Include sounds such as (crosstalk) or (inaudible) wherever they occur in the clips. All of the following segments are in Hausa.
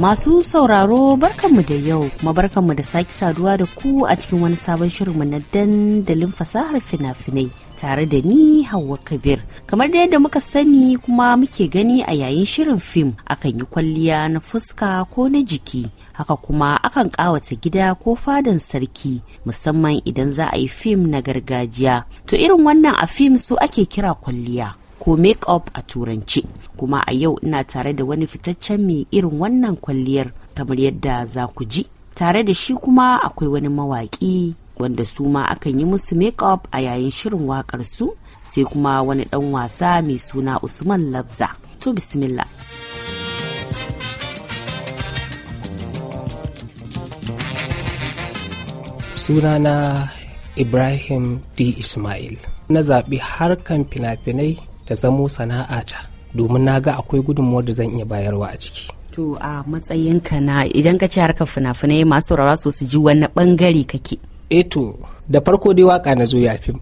Masu sauraro barkanmu da yau, mabarkanmu da Saki saduwa da ku a cikin wani sabon shirinmu na dandalin fasahar fina-finai tare da ni Hauwa Kabir. Kamar da yadda muka sani kuma muke gani a yayin shirin fim akan yi kwalliya na fuska ko na jiki. Haka kuma akan kawata gida ko fadan sarki musamman idan za a yi fim na gargajiya. To irin wannan a fim su ake kira kwalliya. ko make up a turanci kuma a yau ina tare da wani fitaccen mai irin wannan kwalliyar kamar yadda za ku ji tare da shi kuma akwai wani mawaƙi wanda su ma akan yi musu make up a yayin shirin waƙar su sai kuma wani ɗan wasa mai suna usman labza to bismillah sunana ibrahim d ismail na zaɓi harkan fina-finai ta zamo sana'a ta domin na ga akwai gudunmuwar da zan iya bayarwa a ciki to a matsayinka na idan ka ci harkar fina-finai masu rawa so su ji wani bangare kake eto eh da farko dai waka na zo ya fi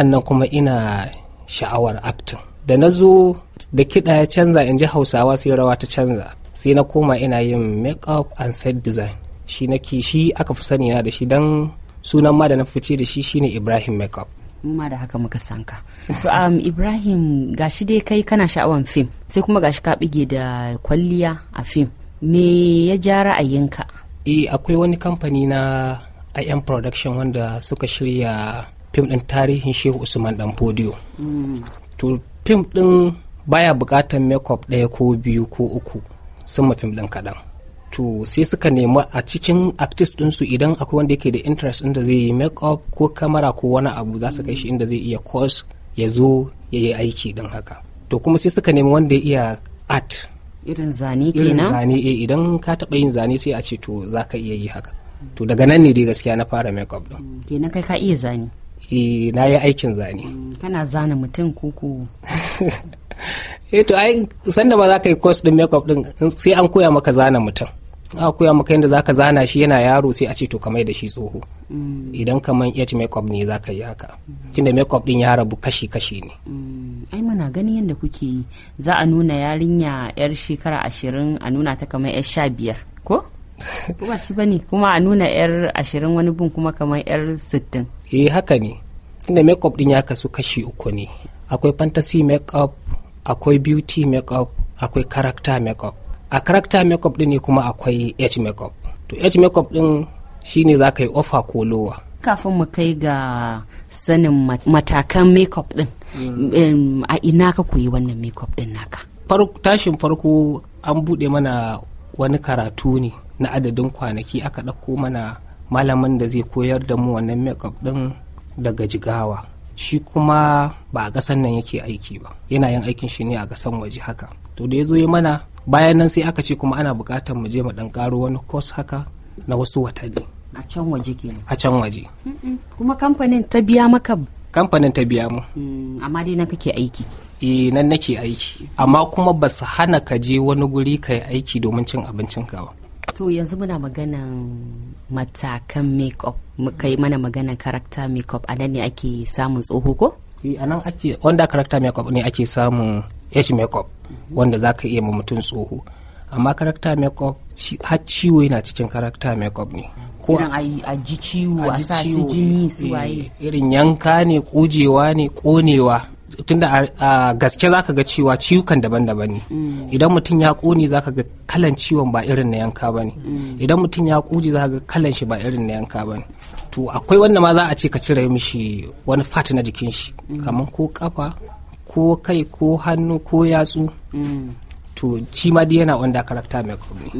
nan kuma ina sha'awar acting da na zo da kiɗa ya canza in ji hausawa sai rawa ta canza sai na koma ina yin make-up and set design shi nake shi aka fi sani na da shi don sunan ma da na fice da shi shine ibrahim make mu ma da haka muka sanka to um, ibrahim gashi dai kai kana sha'awan fim sai kuma gashi ka bige da kwalliya a fim me ya ja ra'ayinka e akwai wani kamfani na im production wanda suka shirya fim din tarihin shehu usman dan podio mm. to fim din baya bukatan makeup ɗaya ko biyu ko uku sun fim din kaɗan to sai suka nemi a cikin artist ɗinsu idan akwai wanda yake da interest inda zai yi make up ko kamera ko wani abu za su kai shi inda zai iya course ya zo ya yi aiki din haka to kuma sai suka nemi wanda ya iya art irin zane kenan zane eh idan ka taɓa yin zane sai a ce to za ka iya yi haka to daga nan ne dai gaskiya na fara make up din mm, kenan kai ka iya zane e na yi aikin zane mm, kana zana mutum kuku (laughs) eh to ai sanda ba za ka yi course din makeup din sai an koya maka zana mutum a koya maka yadda zaka zana shi yana yaro sai a ce to kamai da shi tsoho mm. idan kamar h makeup ne zaka yi haka mm. tunda makeup din ya rabu kashi kashi ne mm. ai muna gani yadda kuke yi za a nuna yarinya yar shekara ashirin a nuna ta kamar yar sha biyar ko ba shi bane kuma a nuna yar ashirin wani bin kuma kamar yar sittin eh haka ne tunda makeup din ya kasu kashi uku ne akwai fantasy makeup akwai beauty makeup akwai character makeup a character makeup din ne kuma akwai h makeup to h makeup din shine za ka yi offer ko lowa kafin mu kai ga sanin matakan makeup din a ina ka koyi wannan makeup din naka tashin farko an buɗe mana wani karatu ne na adadin kwanaki aka ɗauko mana malamin da zai koyar da mu wannan makeup din daga jigawa shi kuma ba a gasan nan yake aiki ba yana yin aikin shi ne a gasan waje haka to da ya zo yi mana bayan nan sai aka ce kuma ana buƙatar mu je mu dan karo wani course haka na wasu watanni a can waje ke a can waje kuma kamfanin ta biya maka kamfanin ta biya mu mm, amma dai nan kake aiki eh nan nake aiki amma kuma ba su hana ka je wani guri ka yi aiki domin cin abincin ka ba to yanzu muna maganan matakan makeup kai mana maganan karakta makeup a nan ne ake samun tsoho ko Eh, a nan ake wanda character makeup ne ake samun h makeup wanda za ka iya ma mutum tsoho amma character makeup har ciwo yana cikin character makeup ne ko a ji ciwo a sa jini su eh, waye irin yanka ne kujewa ne konewa tunda a gaske zaka ga cewa ciwukan daban-daban ne mm. idan mutum ya kone zaka ga kalan ciwon ba irin na yanka bane. Mm. idan mutum ya kuje zaka ga kalan shi ba irin na yanka ba to akwai wanda ma za a ce ka cire mishi wani fat na jikin shi kamar ko kafa ko kai ko hannu ko yatsu to shi ma yana wanda character makeup ne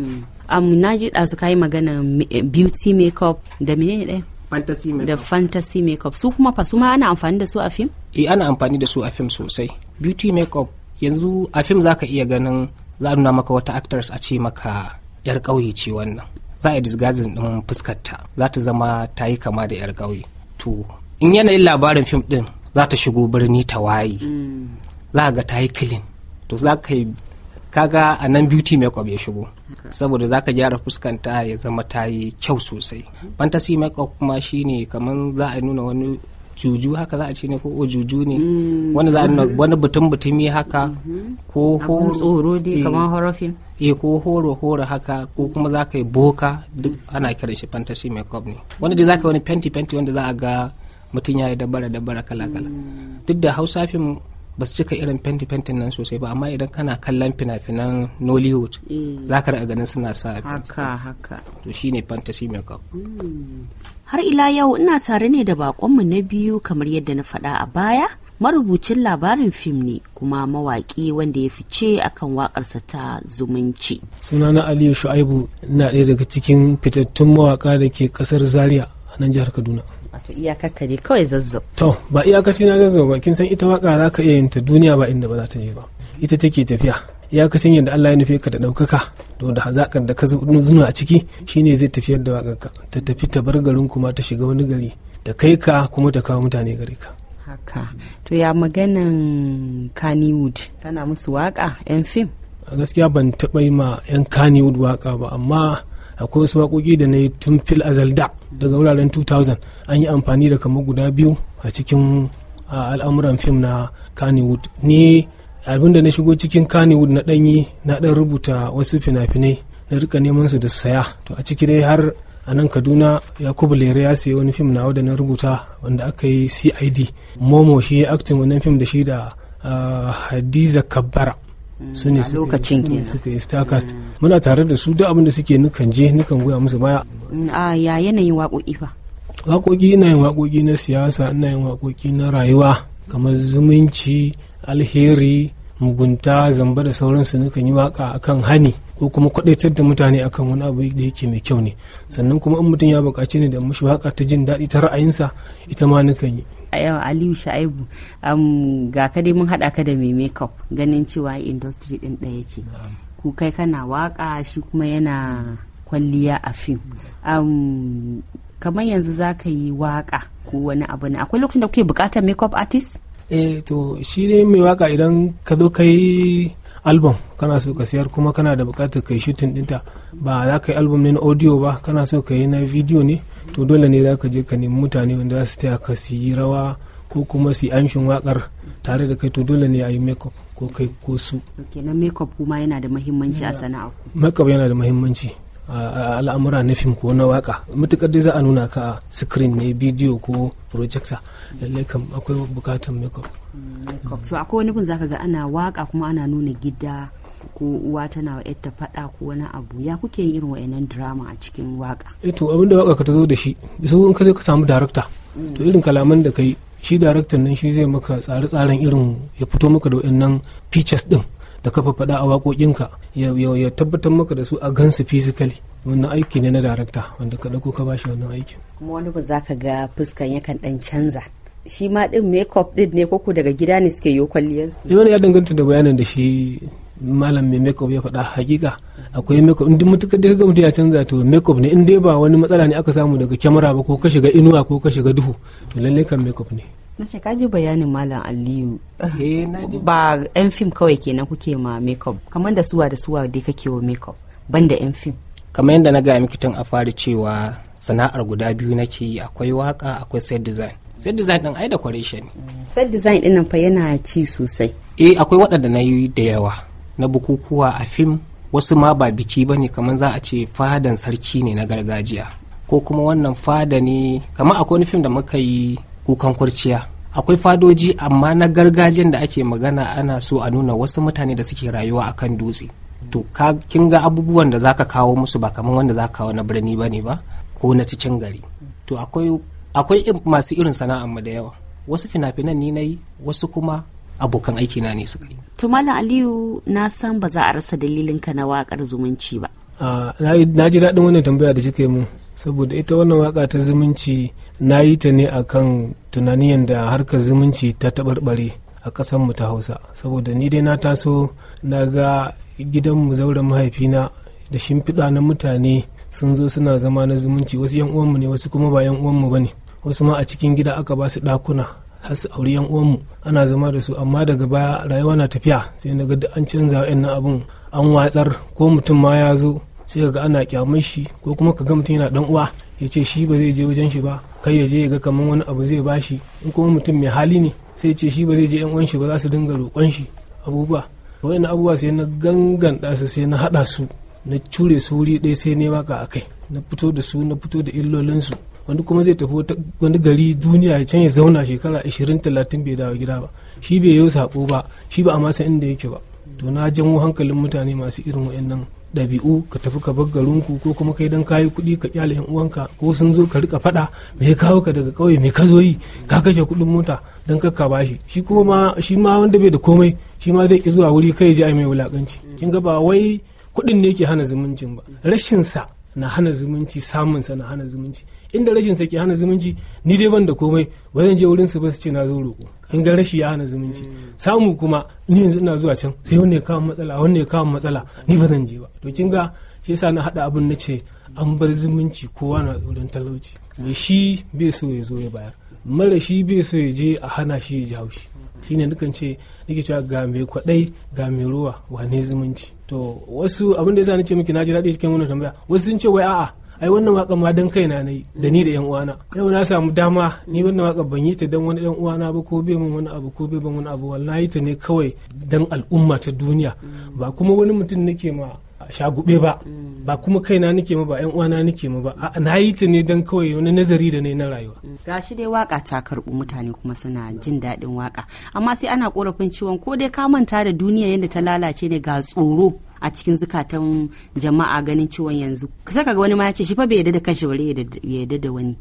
amma na ji ɗazu kayi magana eh, beauty makeup da ne ɗaya fantasy makeup da fantasy makeup su kuma fa su ma ana amfani da su a fim eh ana amfani da su a fim sosai beauty makeup yanzu a fim zaka iya ganin za a nuna maka wata actors a ce maka yar ƙauye ce wannan za a disgazin din fuskarta za ta zama ta yi kama da yar ƙauye to in yanayin labarin fim din za ta shigo birni ta waye mm. za ga ta yi clean to za ka yi kaga a nan beauty makeup ya shigo saboda za ka gyara fuskanta ya zama ta yi kyau sosai mm-hmm. fantasy makeup kuma shine kaman za a nuna wani juju haka za a ce ne ko ojuju ne mm. wani za wani butun butumi haka mm-hmm. ko horo tsoro dai eh. kamar eh, ko horo horo haka ko kuma za ka yi boka duk ana kiran shi fantasy makeup ne wani dai za ka yi wani fenti fenti wanda za a ga mutum ya yi dabara dabara kala kala mm. duk da hausa fim ba su cika irin fenti fentin nan sosai ba amma idan kana kallon fina-finan nollywood mm. za ka ganin suna sa haka haka to shine fantasy makeup mm. har ila yau ina tare ne da bakonmu na biyu kamar yadda na faɗa a baya marubucin labarin fim ne kuma mawaƙi wanda ya fice akan waƙarsa ta zumunci. sunana aliyu shu'aibu na daya daga cikin fitattun mawaƙa da ke ƙasar zaria a nan jihar kaduna to iyakarka ne kawai zazzau to ba iyakaci na zazzau ba kin san ita waka za ka iya yin ta duniya ba inda ba za ta je ba ita take tafiya iyakacin yadda Allah ya nufe ka da ɗaukaka da hazaƙar da ka zuna a ciki shine zai tafiyar da ka ta tafi ta bar garin kuma ta shiga wani gari ta kai ka kuma ta kawo mutane gari ka haka to ya maganan kannywood tana musu waka yan fim a gaskiya ban taɓa yi ma yan kannywood waka ba amma akwai wasu waƙoƙi da na yi tun fil azalda daga wuraren 2000 an yi amfani da kamar guda biyu a cikin al'amuran fim na kannywood ni abin da na shigo cikin kannywood na ɗanyi na ɗan rubuta wasu fina-finai na rika neman su da saya to a ciki dai har a nan kaduna yakubu lere ya sayi wani fim nawa da na rubuta wanda aka yi cid momo shi ya aktin wannan fim da shi da hadiza kabbara su ne suka yi starcast muna tare da su duk da suke nukan je nukan goya musu baya a ya yanayin waƙoƙi fa waƙoƙi ina yin waƙoƙi na siyasa ina yin waƙoƙi na rayuwa kamar zumunci alheri mugunta zamba da sauransu nukan yi waƙa akan hani ko kuma kwadaitar da mutane akan wani abu da yake mai kyau ne sannan kuma in mutum ya buƙaci ne da mushi waƙa ta jin daɗi ta ra'ayinsa ita ma nukan yi aliyu sha'ibu ga ka dai mun haɗa ka da mai makeup ganin cewa industry ɗin ɗaya ce ku kana waka shi kuma yana kwalliya a fim kamar yanzu za ka yi waka ko wani abu ne akwai lokacin da kuke bukatar makeup artist eh to shi ne mai waka idan ka zo ka yi album kana so ka siyar kuma kana da bukatar kai shooting dinta ba za ka yi album ne na audio ba kana so ka yi na video ne to dole ne za ka je ka nemi mutane wanda za su taya ka su yi rawa ko kuma su yi amshin wakar tare da kai to dole ne a yi makeup ko kai ko su kenan makeup kuma yana da muhimmanci a sana'a makeup yana da muhimmanci al'amura na fim ko na waka matukar dai za a nuna ka screen ne bidiyo ko projector lallai kam akwai bukatar makeup to akwai wani kun zaka ga ana waka kuma ana nuna gida ko uwa tana wa ta faɗa ko wani abu ya kuke yin irin wayannan drama a cikin waka eh to abinda waka ka ta zo da shi so in ka zo ka samu director. to irin kalaman da kai shi director nan shi zai maka tsare-tsaren irin ya fito maka da wayannan features din da kafa fada a waƙoƙinka ya tabbatar maka da su a gansu physically wannan aiki ne na darakta wanda ka ɗauko ka bashi wannan aikin kuma wani ba za ka ga fuskan yakan ɗan canza shi ma ɗin makeup ɗin ne koko daga gida ne suke yi su. Eh, wani ya danganta da bayanin da shi malam mai makeup ya faɗa hakika akwai makeup in duk mutuka da mutum ya canza to makeup ne in dai ba wani matsala ne aka samu daga kyamara ba ko ka shiga inuwa ko ka shiga duhu to lallai kan makeup ne na ce kaji bayanin malam aliyu eh, ba yan fim kawai kenan kuke ma makeup kamar da suwa da suwa dai kake wa makeup da yan fim kamar yadda na gaya miki tun a fari cewa sana'ar guda biyu nake yi akwai waka akwai set design set design din ai da ne mm, set design din nan fa yana ci sosai eh akwai waɗanda na yi da yawa na bukukuwa a fim wasu ma ba biki bane kamar za a ce fadan sarki ne na gargajiya ko kuma wannan fada ne kamar akwai wani fim da muka yi kukan kurciya akwai fadoji amma na gargajiyan da ake magana ana so a nuna wasu mutane da suke rayuwa a kan dutse to kin ga abubuwan da zaka kawo musu ba kamar wanda zaka kawo na birni ba ne ba ko na cikin gari to akwai akwai masu irin sana'ar mu da yawa wasu fina-finan ni nayi wasu kuma abokan aiki na ne suka yi to malam aliyu na san ba za a rasa dalilin ka na wakar zumunci ba ah, na ji daɗin wannan tambaya da kika yi mu saboda ita wannan waka ta zumunci na yi ta ne a kan tunaniyan da harkar zumunci ta taɓarɓare a ƙasar mu ta hausa saboda ni dai na taso na ga gidanmu zauren mahaifina da shimfiɗa na mutane sun zo suna zama na zumunci wasu yan uwanmu ne wasu kuma ba yan uwanmu ba ne wasu ma a cikin gida aka ba su ɗakuna har su auri yan uwanmu ana zama da su amma daga baya rayuwa na tafiya sai na ga an canza wa'annan abun an watsar ko mutum ma ya zo sai ga ana kyamar shi ko kuma ka ga mutum yana dan uwa ya ce shi ba zai je wajen shi ba kai ya je ya ga kamar wani abu zai bashi in kuma mutum mai hali ne sai ce shi ba zai je yan uwan shi ba za su dinga roƙon shi abubuwa wani abubuwa sai na ganganta su sai na haɗa su na cure su wuri ɗaya sai ne waka a kai na fito da su na fito da illolinsu wani kuma zai tafi wani gari duniya ya can ya zauna shekara ashirin talatin bai dawo gida ba shi bai yi sako ba shi ba a masa inda yake ba to na janwo hankalin mutane masu irin wa'annan dabi'u ka tafi ka bar garinku ko kuma kai dan kayi kuɗi ka kyale yan uwanka ko sun zo ka rika faɗa me ya kawo ka daga ƙauye me ka zo yi ka kashe kuɗin mota dan kakka bashi shi kuma shi ma wanda bai da komai shi ma zai ki zuwa wuri kai ji ai mai wulakanci kin ga ba wai kuɗin ne ke hana zumuncin ba rashin sa na hana zumunci samun sa na hana zumunci inda rashin sa ke hana zumunci ni dai ban da komai ba zan je wurin su ba su ce na zo roƙo kin ga rashi ya hana zumunci samu kuma ni yanzu ina zuwa can sai wanne ya kawo matsala wanne ya kawo matsala ni ba zan je ba to kin ga shi yasa na haɗa abin na ce an bar zumunci kowa na tsoron talauci me shi bai so ya zo ya bayar mara shi bai so ya je a hana shi ya ji haushi shine nukan ce nake cewa ga mai kwadai ga mai ruwa wane zumunci to wasu abin da yasa nace miki na ji daɗi cikin wannan tambaya wasu sun ce wai a'a ai wannan waka ma dan kaina nayi da ni da yan uwana yau na samu dama ni wannan waka ban yi ta dan wani dan uwana ba ko bai min wani abu ko bai ban wani abu wallahi ta ne kawai dan al'umma ta duniya ba kuma wani mutum nake ma sha shagube ba ba kuma kaina nake ma ba yan uwana nake ma ba na yi ta ne dan kawai wani nazari da ne na rayuwa ga shi dai waka ta karbu mutane kuma suna jin daɗin waka amma sai ana korafin ciwon ko dai ka manta da duniya yadda ta lalace ne ga tsoro a cikin zukatan jama'a ganin ciwon yanzu sai kaga wani ma ya ce shi fa bai yadda da kanshi bare ya yadda da wani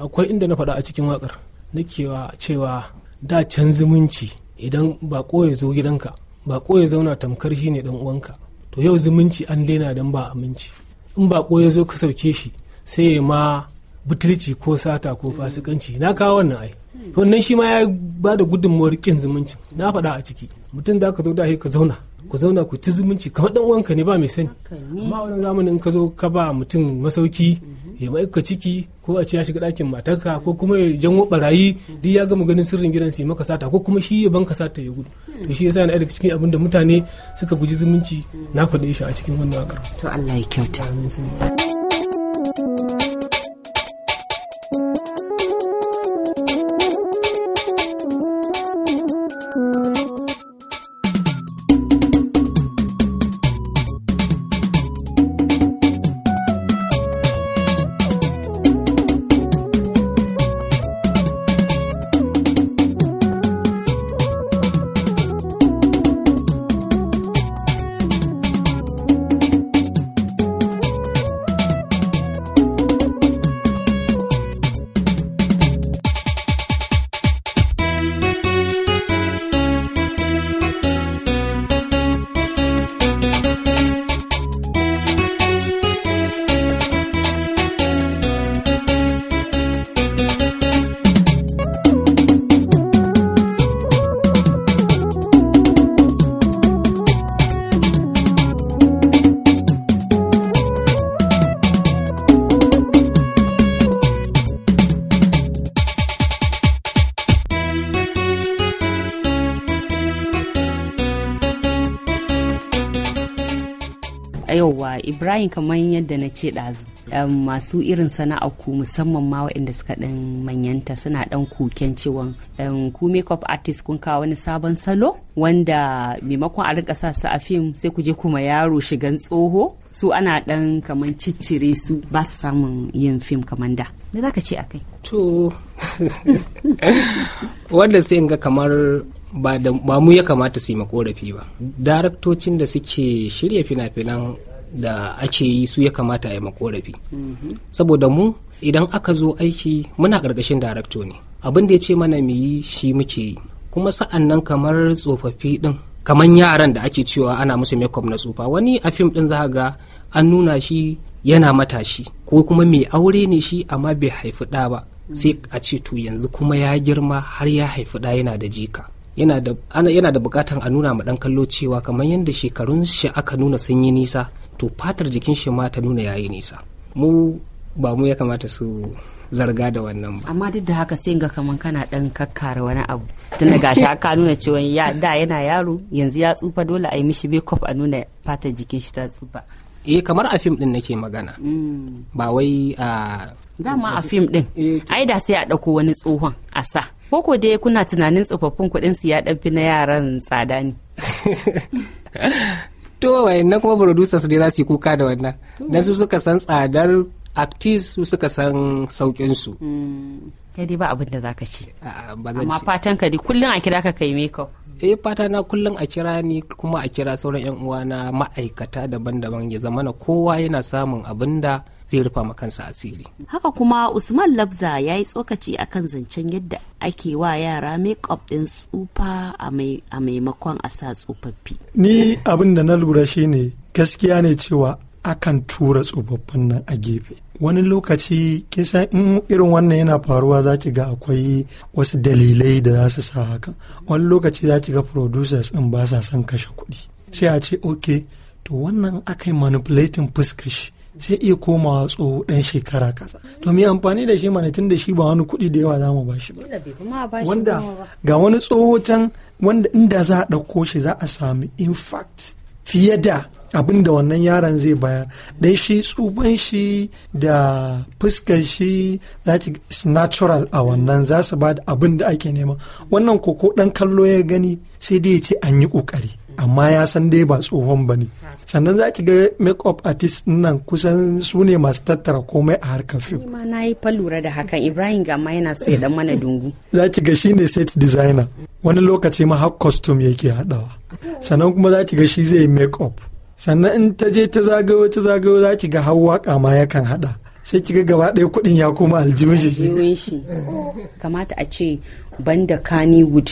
akwai inda na faɗa a cikin wakar nakewa cewa da can zumunci idan ba ya zo gidanka ba ya zauna tamkar shi ne dan uwanka to yau zumunci an daina don ba aminci in bako ya zo ka sauke shi sai ya ma butulci ko sata ko fasikanci na kawo wannan ai wannan shi ma ya ba da gudunmawar kin zumunci na faɗa a ciki mutum da ka zo da ka zauna ku zauna ku ci zumunci kamar dan uwanka ne ba mai sani amma wannan zamani in ka zo ka ba mutum masauki ya ma'aika ciki ko a ce ya shiga ɗakin matarka ko kuma ya janwo barayi duk ya gama ganin sirrin gidan su maka sata ko kuma shi ya banka sata ya gudu to shi yasa yana daga cikin abin da mutane suka guji zumunci na kuɗe shi a cikin wannan waƙar to Allah ya kyauta ibrahim kamar yadda na ce ɗazu masu irin sana'a ku musamman ma waɗanda suka ɗan manyanta suna ɗan koken cewa ku makeup artist kun kawo wani sabon salo wanda maimakon a rika sa su a fim sai ku je kuma yaro shigan tsoho su ana ɗan kamar ciccire su ba su samun yin fim kamar da me za ka ce akai to (laughs) wanda sai in ga kamar ba mu ya kamata su yi makorafi ba daraktocin da suke shirya fina-finan da ake yi su ya kamata a yi makorafi mhm. saboda mu idan aka zo aiki muna ƙarƙashin darakto ne abin da ya ce mana mu yi shi muke yi kuma sa'an nan kamar tsofaffi ɗin kaman yaran da ake cewa ana musu makeup na tsufa wani a fim ɗin za ga an nuna shi yana matashi ko kuma mai aure ne shi amma bai haifi ɗa ba sai a ce to yanzu kuma ya girma har ya haifi ɗa yana da jika yana da bukatar a nuna ma dan kallo cewa kamar yadda shekarun shi aka nuna sun yi nisa to fatar jikin shi ma ta nuna yayi nisa mu ba mu ya kamata su zarga da wannan ba amma duk da haka sai ga kaman kana dan kakkara wani abu Tun daga sha aka nuna cewa ya da yana yaro yanzu ya tsufa dole a yi mishi makeup a nuna fatar jikin shi ta tsufa eh kamar a fim din nake magana mm. ba wai a dama a fim din eh, ai da sai a dauko wani tsohon a sa koko dai kuna tunanin tsofaffin kuɗin su ya fi na yaran tsada ne (laughs) to wayannan kuma producers dai za su yi kuka da wannan dan su suka san tsadar actis su suka san saukin su hmm. kai dai ba abin da zaka ci amma fatan ka dai kullun a kira ka kai makeup eh fata na kullum a kira ni kuma a kira sauran yan uwa na ma'aikata daban-daban ya zamana kowa yana samun abin da zai rufa ma kansa asiri. Haka kuma Usman Labza ya yi tsokaci akan zancen yadda ake wa yara makeup ɗin tsufa a maimakon a sa tsofaffi. Ni abin da na lura shi ne gaskiya ne cewa akan tura tsofaffin nan a gefe. Wani lokaci kisa in irin wannan yana faruwa za ki ga akwai wasu dalilai da za su sa haka. Wani lokaci za ki ga producers ɗin ba sa son kashe kuɗi. Sai a ce, ok, to wannan aka yi manipulating fuskar zai iya komawa tsoho ɗan shekara kasa to mu amfani da shi mana tun da shi ba wani kuɗi da yawa za mu bashi ba wanda ga wani tsoho can wanda inda za a ɗauko shi za a sami fact fiye da abin da wannan yaron zai bayar dan shi tsuban shi da fuskar shi za ki natural a wannan za su ba da abin da ake nema wannan koko ɗan kallo ya gani sai dai ya ce an yi kokari amma ya san dai ba tsohon ba ne sannan za ki ga make-up artist nan kusan su ne masu tattara komai a harkar fim ma na yi falura da hakan ibrahim gama yana so ya dan mana dungu za ki ga shine set designer wani lokaci ma har costume yake haɗawa sannan kuma za ki ga shi zai make-up sannan in ta je ta zagayo ta zagayo za ki ga har waka ma yakan haɗa sai ki ga gaba ɗaya kuɗin ya koma aljihun shi kamata a ce banda kannywood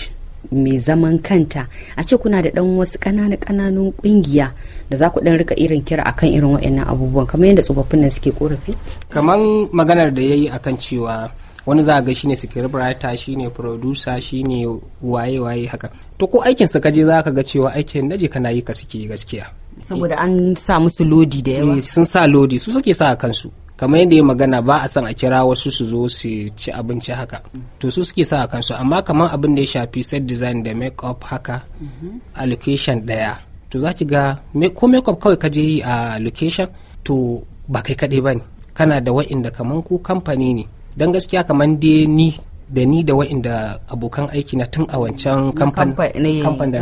mai zaman kanta a ce kuna da dan wasu ƙananan kananun ƙungiya da za ku dan rika irin kira akan irin waɗannan abubuwan kamar yadda tsofaffin nan suke korafi kamar maganar da yayi akan cewa wani za a ga shine scriptwriter shine producer shine waye waye haka to ko aikin sa kaje za ka ga cewa aikin naje kana yi ka suke gaskiya saboda an sa musu lodi da yawa eh, sun sa lodi su suke sa kansu kamar yadda ya magana ba a san a kira wasu su zo su ci abinci haka to su suke sa a kansu amma kamar abin da ya shafi set design da make haka a location daya to za ki ga ko make kawai ka je yi a location to ba kai kaɗai ba ne kana da wa'inda kamar ku kamfani ne don gaskiya kamar dai ni da ni da wa'inda abokan aiki na tun a wancan kamfani da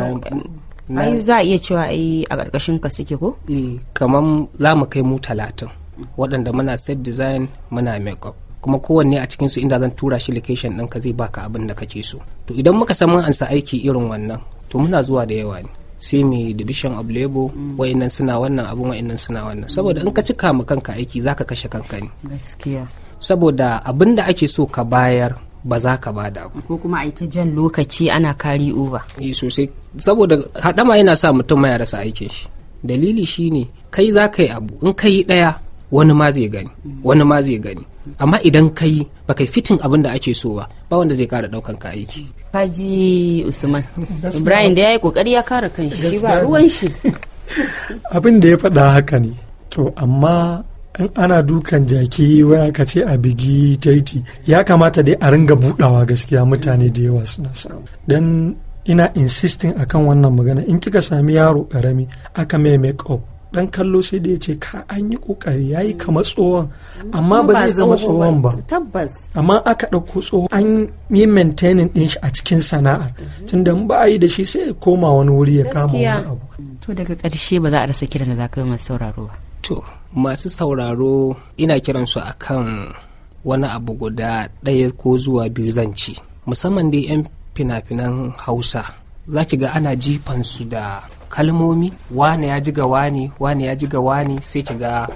ai za a iya cewa a ƙarƙashin ka suke ko eh, kamar za mu kai mu talatin waɗanda muna set design muna makeup kuma kowanne a cikinsu inda zan tura shi location ka zai baka abin da kake so to idan muka san mun ansa aiki irin wannan to muna zuwa da yawa ne sai mu division of labor mm. wayannan suna wannan abun wayannan suna wannan saboda in ka cika mu kanka aiki zaka kashe kanka ne gaskiya saboda abin da ake so ka bayar ba za ka bada ba. Ko kuma a ta jan lokaci ana kari uba. yi sosai saboda haɗama yana sa mutum ya rasa aikin shi. Dalili shine kai za ka yi abu in ka yi ɗaya wani ma zai gani wani ma zai gani amma idan kai fitin abin da ake so ba ba wanda zai kara daukan ka aiki kaji usman ibrahim da yayi kokari ya kara kanshi shi ba ruwan shi (laughs) abin da ya faɗa haka ne to amma in ana dukan jaki wani ka ce a bigi taiti ya kamata dai a ringa budawa gaskiya mutane da yawa suna so. dan ina insisting akan wannan magana in kika sami yaro karami aka mai make up dan kallo sai da ya ce ka an yi kokari ya yi kamar tsohon amma ba zai zama tsohon ba tabbas amma aka ɗauko tsohon an yi maintaining ɗin shi a cikin sana'ar mhm. tun da ba a yi da shi sai ya koma wani wuri ya kama wani abu to daga ƙarshe ba za a rasa kiran da za ka yi masu sauraro ba to masu sauraro ina kiransu akan wani abu guda ɗaya ko zuwa biyu zan ci musamman dai 'yan fina-finan hausa za ki ga ana jifan su da kalmomi wane ya ji ga wane wane ya ji ga wane sai ki ga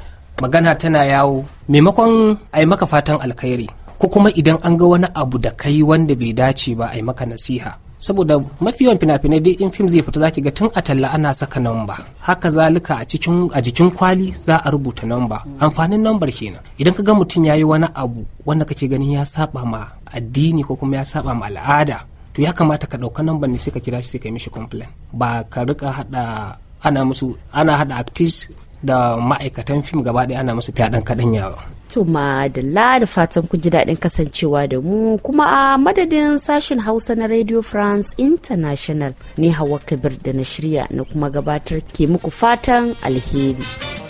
magana tana yawo maimakon a yi maka fatan alkhairi ko kuma idan an ga wani abu da kai wanda bai dace ba a yi maka nasiha saboda mafi yawan fina-finai dai in fim zai fita zaki ga tun a talla ana saka namba haka zalika a cikin a jikin kwali za a rubuta namba amfanin nambar kenan idan ka ga mutum ya yi wani abu wanda kake ganin ya saba ma addini ko kuma ya saba ma al'ada to ya kamata ka ɗauka nan ne sai ka kira shi sai ka yi mishi complain ba ka rika hada ana musu ana hada actors da ma'aikatan fim gaba ɗaya ana musu fyaɗan kaɗan yawa. To madalla da fatan kun ji daɗin kasancewa da mu kuma a madadin sashen Hausa na Radio France International ne Hawa Kabir da na shirya na kuma gabatar ke muku fatan alheri.